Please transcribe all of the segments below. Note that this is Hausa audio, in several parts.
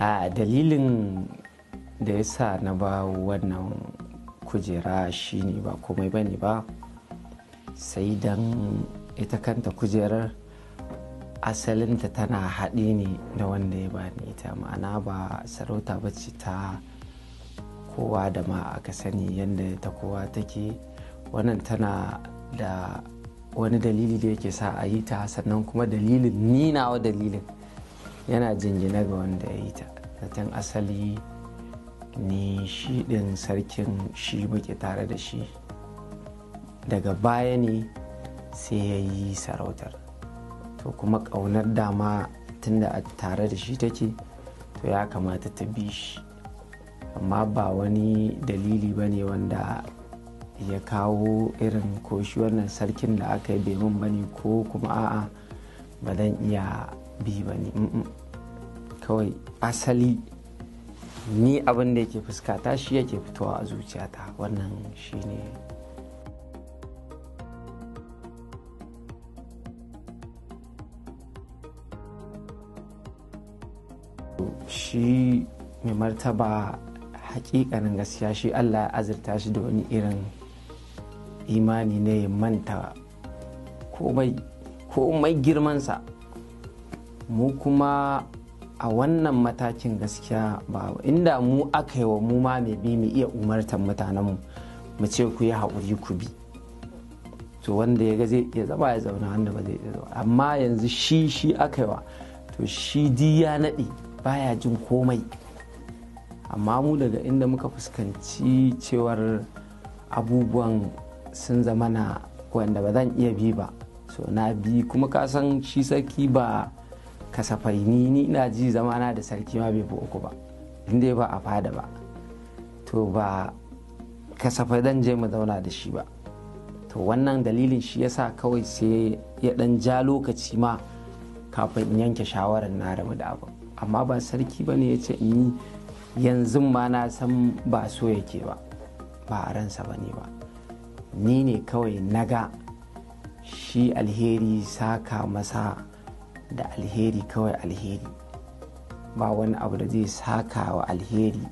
a dalilin da ya sa na ba wannan kujera shi ne ba komai ba ne ba sai don ita kanta kujerar asalinta tana haɗe ne da wanda ya bani ita ma'ana ba sarauta ba ce ta kowa da ma aka sani yadda ta kowa take wannan tana da wani dalili da yake sa a yi ta sannan kuma dalilin ni nawa dalilin yana jingina ga wanda ya yi ta zaton asali ni shi din sarkin shi muke tare da shi daga baya ne sai ya yi sarautar to kuma ƙaunar dama tunda a tare da shi take to ya kamata ta bi shi amma ba wani dalili ba ne wanda ya kawo irin ko shi wannan sarkin da aka yi bemin ba ne ko kuma a'a ba zan iya bi ba ne kawai asali ni abin da yake fuskata shi yake fitowa a zuciyata wannan shi ne. shi mai martaba hakikanin gaskiya shi allah ya azurta shi da wani irin imani ne ya manta mai girmansa mu kuma a wannan matakin gaskiya ba inda mu aka yi wa mu ma mai bi mu iya umartar mutanenmu mu ce ku yi haƙuri ku bi to wanda ya ga zai iya zama ya zauna wanda ba zai iya zama amma yanzu shi shi aka yi wa to shi di ya naɗe baya jin komai amma mu daga inda muka fuskanci cewar abubuwan sun zama na wanda ba zan iya bi ba so na bi kuma ka san shi saki ba kasafai ni ni ina ji zamana da sarki ma bai fi uku ba inda ba a fada ba to ba kasafai dan je mu zauna da shi ba to wannan dalilin shi yasa kawai sai ya dan ja lokaci ma kafin in yanke shawarar na rabu da abu amma ba sarki ba ne ya ce in yi yanzu ma na san ba so yake ba ba a ransa ba ne ba ni ne kawai naga shi alheri saka masa da alheri kawai alheri ba wani abu da zai saka wa alheri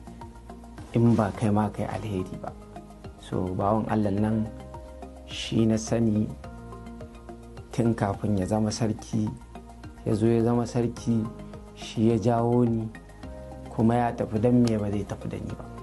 in ba kai ma kai alheri ba so bawan allah nan shi na sani tun kafin ya zama sarki ya zo ya zama sarki shi ya jawo ni kuma ya tafi don me ba zai tafi da ni ba